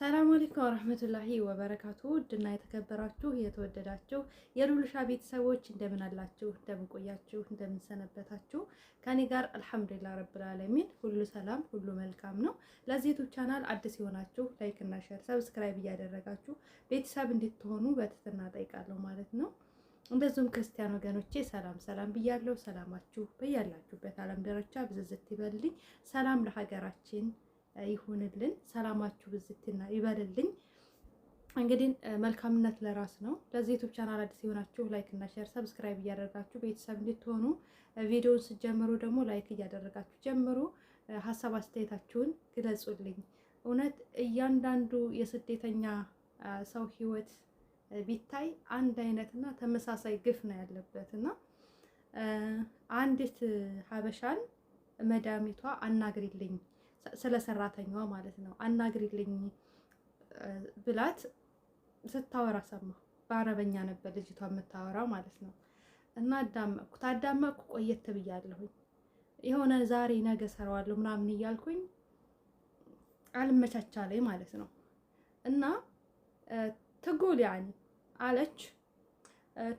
ሰላም አለይኩም ወራህመቱላሂ ወበረካቱ። ውድና የተከበራችሁ የተወደዳችሁ የሉልሻ ቤተሰቦች እንደምን አላችሁ? እንደምን ቆያችሁ? እንደምን ሰነበታችሁ? ከኔ ጋር አልሐምዱሊላህ ረብል ዓለሚን ሁሉ ሰላም፣ ሁሉ መልካም ነው። ለዚህ ቻናል አዲስ የሆናችሁ ላይክ እና ሼር፣ ሰብስክራይብ እያደረጋችሁ ቤተሰብ እንድትሆኑ በትህትና ጠይቃለሁ ማለት ነው። እንደዚሁም ክርስቲያን ወገኖቼ ሰላም ሰላም ብያለሁ። ሰላማችሁ በያላችሁበት ዓለም ደረጃ ብዝዝት ይበልልኝ። ሰላም ለሀገራችን ይሁንልን። ሰላማችሁ ብዝትና ይበልልኝ። እንግዲህ መልካምነት ለራስ ነው። ለዚህ ዩቱብ ቻናል አዲስ የሆናችሁ ላይክ እና ሼር ሰብስክራይብ እያደረጋችሁ ቤተሰብ እንድትሆኑ ቪዲዮውን ስጀምሩ ደግሞ ላይክ እያደረጋችሁ ጀምሩ። ሀሳብ አስተያየታችሁን ግለጹልኝ። እውነት እያንዳንዱ የስደተኛ ሰው ህይወት ቢታይ አንድ አይነትና ተመሳሳይ ግፍ ነው ያለበት እና አንዲት ሀበሻን መዳሚቷ አናግሪልኝ ስለ ሰራተኛዋ ማለት ነው አናግሪልኝ ብላት ስታወራ ሰማ። በአረበኛ ነበር ልጅቷ የምታወራው ማለት ነው። እና አዳመቅኩ ታዳመቅኩ ቆየት ብያለሁኝ። የሆነ ዛሬ ነገ ሰራዋለሁ ምናምን እያልኩኝ አልመቻቻለኝ ማለት ነው። እና ትጉል ያኒ አለች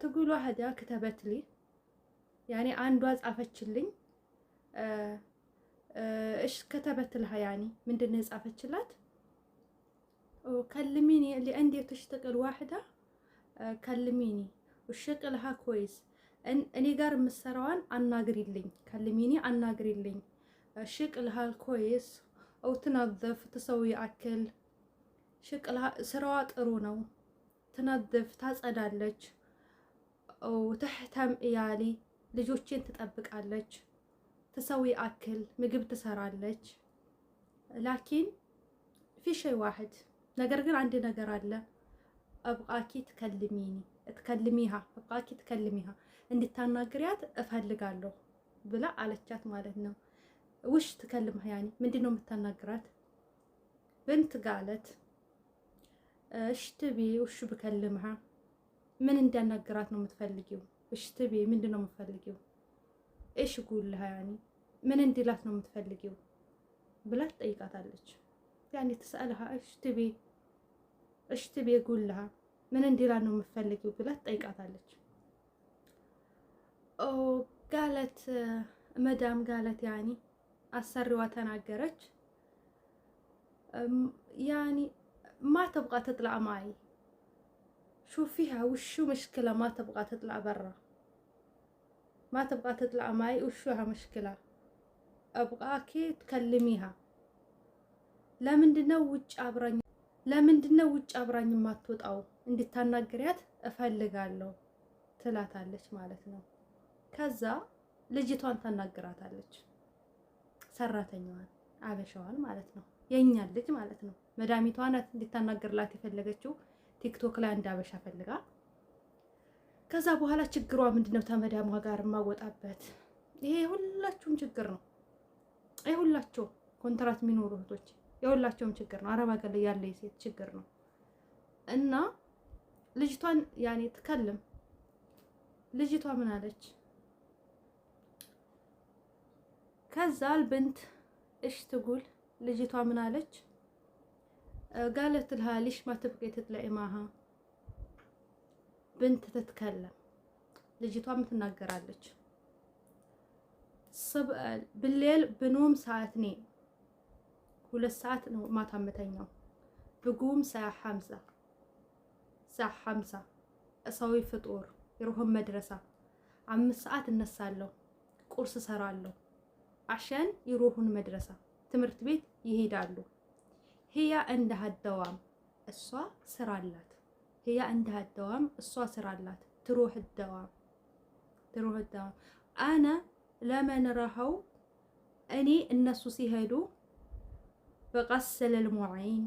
ትጉል ዋህዲያ ክተበትሊ ያኔ አንዷ ጻፈችልኝ እሽ ከተበትልሃ ሀያኒ ምንድን ነው የጻፈችላት? ከልሚኒ ለአንድ ተሽተቀል ዋህዳ ከልሚኒ ወሽቀልሃ ኮይስ እኔ ጋር የምሰራዋን አናግሪልኝ፣ ከልሚኒ አናግሪልኝ። ሽቅልሃ ኮይስ አው ትናዘፍ ትሰው ያክል ሽቅልሃ ስራዋ ጥሩ ነው። ትናዘፍ ታጸዳለች። አው እያሊ ልጆቼን ትጠብቃለች። ተሰዊ አክል ምግብ ትሰራለች። ላኪን ፊ ሸይ ዋሕድ ነገር ግን አንድ ነገር አለ። አብቃኪ ትከልሚኒ እትከልሚሃ አብቃኪ ትከልሚሃ እንድታናግሪያት እፈልጋለሁ ብላ አለቻት ማለት ነው። ውሽ ትከልምህ ያኒ ምንድን ነው የምታናግራት? ብንት ጋለት እሽትቤ ውሽ ብከልምሃ ምን እንዲያናግራት ነው የምትፈልጊው? እሽትቤ ምንድን ነው የምትፈልጊው? እሽ ጉልሃ ያኒ ምን እንዲላት ነው የምትፈልጊው ብላ ትጠይቃታለች። ያኔ ትስአልሃ እሽ ትቤ እሽ ትቤ ጉልሃ ምን እንዲላት ነው የምትፈልጊው ብላ ትጠይቃታለች። ኦ ጋለት መዳም ጋለት ያኒ አሰሪዋ ተናገረች። ያኒ ما تبغى تطلع معي شو فيها وشو مشكلة ما تبغى تطلع برا ما تبغى تطلع معي وشوها مشكلة አብቃኪ ትከልሚሃ ለምንድነው ውጭ አብራኝ ለምንድነው ውጭ አብራኝ የማትወጣው እንድታናግሪያት እፈልጋለሁ ትላታለች ማለት ነው። ከዛ ልጅቷን ታናግራታለች፣ ሰራተኛዋን አበሻዋን ማለት ነው። የእኛን ልጅ ማለት ነው። መዳሚቷ ናት እንድታናግርላት የፈለገችው ቲክቶክ ላይ አንድ አበሻ ፈልጋ። ከዛ በኋላ ችግሯ ምንድነው? ተመዳሟ ጋር የማወጣበት ይሄ ሁላችሁም ችግር ነው። የሁላቸው ኮንትራት የሚኖሩ እህቶች የሁላቸውም ችግር ነው። አረብ ሀገር ላይ ያለ የሴት ችግር ነው እና ልጅቷን ያኔ ትከልም ልጅቷ ምን አለች? ከዛ አልብንት እሽ ትጉል ልጅቷ ምን አለች? ጋለት ልሃ ሊሽ ማ ትብቂ ትጥለዒ ብንት ትትከለም ልጅቷ ምትናገራለች ስብአል ብሌል ብኖም ሰዓት ኔ ሁለት ሰዓት ነው ማታ የምተኛው። ብጉም ሰዓ ሐምሳ ሰዓ ሐምሳ እሳዊ ፍጡር የሮሆን መድረሳ አምስት ሰዓት እነሳለሁ። ቁርስ እሰራለሁ። አሸን የሮሁን መድረሳ ትምህርት ቤት ይሄዳሉ። ህያ እንደ ሀደዋም እሷ ስራ አላት። ህያ እንደ ሀደዋም እሷ ስራ አላት። ትሮህ ደዋም ትሮህ ደዋም አነ ለምን ረኸው እኔ እነሱ ሲሄዱ በቀስል ልሙዒን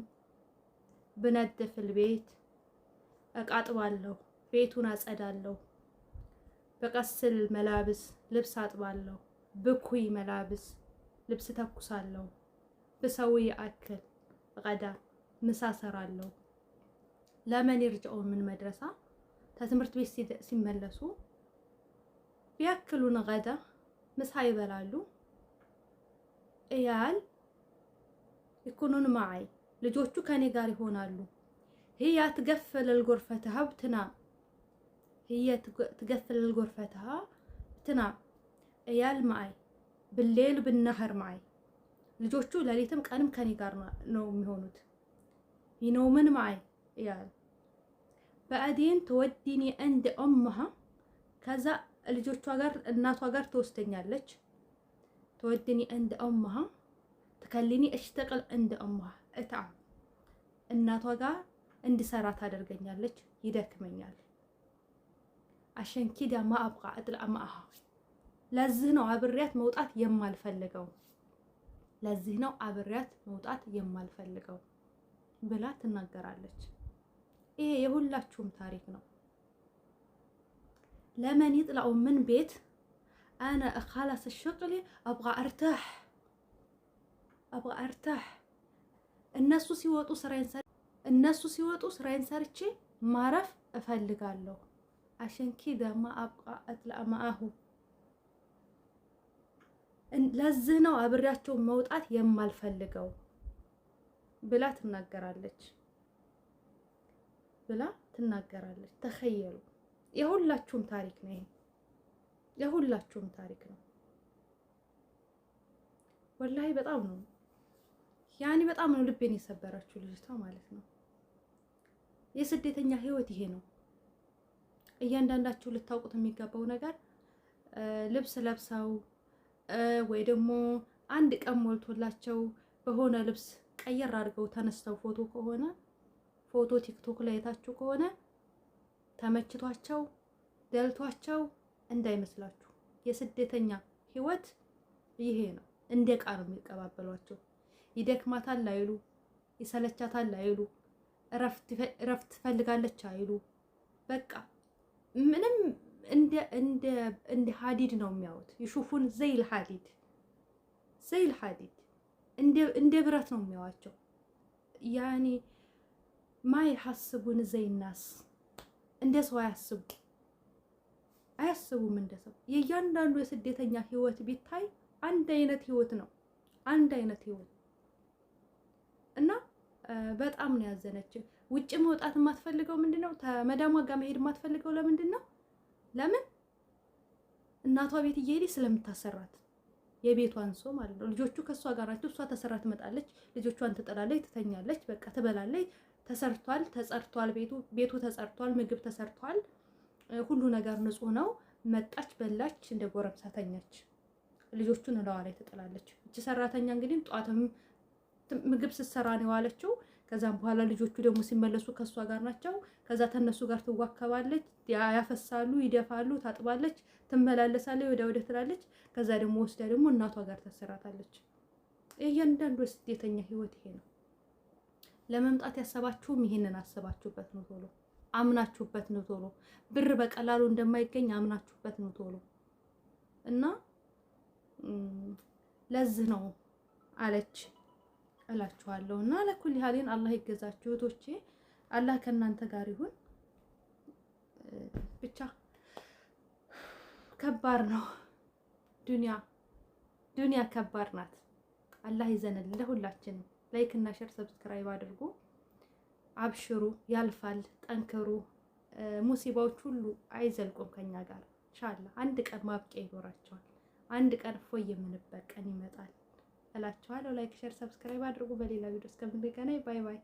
ብነድፍል ቤት እቃጥባለሁ፣ ቤቱን አጸዳለሁ። በቀስል መላብስ ልብስ አጥባለሁ፣ ብኩይ መላብስ ልብስ ተኩሳለሁ። ብሰው የአክል ቀዳ ምሳ ሰራለሁ። ለምን ይርጅዑ ምን መድረሳ ተትምህርት ቤት ሲመለሱ ቢያክሉን ቀዳ ምሳ ይበላሉ። እያል ይኩኑን ማዓይ ልጆቹ ከኔ ጋር ይሆናሉ። ህያ ትገፍል ልጎርፈትሃ ብትና ህየ ትገፍል ልጎርፈትሃ ብትና እያል ማዓይ ብሌል ብናህር ማዓይ ልጆቹ ለሊትም ቀንም ከኔ ጋር ነው የሚሆኑት። ይነውምን ማዓይ እያል በአዴን ተወዲኒ እንደ ኦምሃ ከዛ ልጆቿ ጋር እናቷ ጋር ትወስደኛለች። ተወድኒ እንደ እምሃ ትከልኒ እሽተቅል እንደ እምሃ እታ እናቷ ጋር እንድሰራ ታደርገኛለች፣ ይደክመኛል። አሸንኪዳ ማአብቃ እጥልአ ማአሃ ለዚህ ነው አብሬያት መውጣት የማልፈልገው፣ ለዚህ ነው አብሬያት መውጣት የማልፈልገው ብላ ትናገራለች። ይሄ የሁላችሁም ታሪክ ነው። لمن يطلعوا من بيت انا اخلص الشغل ابغى ارتاح ابغى ارتاح الناس سيوطوا سراين سر الناس سيوطوا سراين سرتشي ما اعرف افلقالو عشان كذا ما ابغى اطلع معاهو لازه نو ابرياتشو موطات يمال الفلقو بلا تناقرالك بلا تناقرالك تخيلوا የሁላችሁም ታሪክ ነው። ይሄ የሁላችሁም ታሪክ ነው። ወላሂ በጣም ነው ያኔ በጣም ነው ልቤን የሰበራችሁ ልጅቷ ማለት ነው። የስደተኛ ህይወት ይሄ ነው። እያንዳንዳችሁ ልታውቁት የሚገባው ነገር ልብስ ለብሰው ወይ ደግሞ አንድ ቀን ሞልቶላቸው በሆነ ልብስ ቀየር አድርገው ተነስተው ፎቶ ከሆነ ፎቶ ቲክቶክ ላይ የታችሁ ከሆነ ተመችቷቸው ደልቷቸው እንዳይመስላችሁ። የስደተኛ ህይወት ይሄ ነው። እንደ ዕቃ ነው የሚቀባበሏቸው። ይደክማታል አይሉ፣ ይሰለቻታል አይሉ፣ እረፍት ትፈልጋለች አይሉ። በቃ ምንም እንደ ሀዲድ ነው የሚያዩት። ይሹፉን ዘይል ሀዲድ ዘይል ሀዲድ እንደ ብረት ነው የሚያዋቸው። ያኔ ማይ ሐስቡን ዘይናስ እንደ ሰው አያስቡ አያስቡም እንደ ሰው። የእያንዳንዱ የስደተኛ ህይወት ቢታይ አንድ አይነት ህይወት ነው። አንድ አይነት ህይወት እና በጣም ነው ያዘነችው። ውጭ መውጣት የማትፈልገው ምንድን ነው? ከመዳሟ ጋር መሄድ የማትፈልገው ለምንድን ነው? ለምን እናቷ ቤት እየሄደች ስለምታሰራት የቤቷን ሰው ማለት ነው። ልጆቹ ከእሷ ጋር ናቸው። እሷ ተሰራ ትመጣለች፣ ልጆቿን ትጥላለች ትተኛለች፣ በቃ ትበላለች። ተሰርቷል፣ ተጸርቷል። ቤቱ ቤቱ ተጸርቷል፣ ምግብ ተሰርቷል፣ ሁሉ ነገር ንጹህ ነው። መጣች፣ በላች፣ እንደ ጎረምሳ ተኛች። ልጆቹን እለዋ ላይ ትጥላለች። እቺ ሰራተኛ እንግዲህ ጧትም ምግብ ስትሰራ ነው የዋለችው። ከዛም በኋላ ልጆቹ ደግሞ ሲመለሱ ከእሷ ጋር ናቸው። ከዛ ተነሱ ጋር ትዋከባለች፣ ያፈሳሉ፣ ይደፋሉ፣ ታጥባለች፣ ትመላለሳለች፣ ወደ ወደ ትላለች። ከዛ ደግሞ ወስዳ ደግሞ እናቷ ጋር ታሰራታለች። እያንዳንዱ ስደተኛ ህይወት ይሄ ነው። ለመምጣት ያሰባችሁም ይሄንን አሰባችሁበት ነው። ቶሎ አምናችሁበት ነው። ቶሎ ብር በቀላሉ እንደማይገኝ አምናችሁበት ነው። ቶሎ እና ለዚህ ነው አለች እላችኋለሁ። እና ለኩል ያህልን አላህ ይገዛችሁ እህቶቼ፣ አላህ ከእናንተ ጋር ይሁን። ብቻ ከባድ ነው ዱንያ፣ ዱንያ ከባድ ናት። አላህ ይዘንልን ለሁላችንም። ላይክ እና ሼር ሰብስክራይብ አድርጉ። አብሽሩ፣ ያልፋል፣ ጠንክሩ። ሙሲባዎች ሁሉ አይዘልቁም ከኛ ጋር ኢንሻአላህ። አንድ ቀን ማብቂያ ይኖራቸዋል። አንድ ቀን ፎይ የምንበት ይመጣል ላይክ ሼር ሰብስክራይብ አድርጉ። በሌላ ቪዲዮ እስከምንገናኝ ባይ ባይ።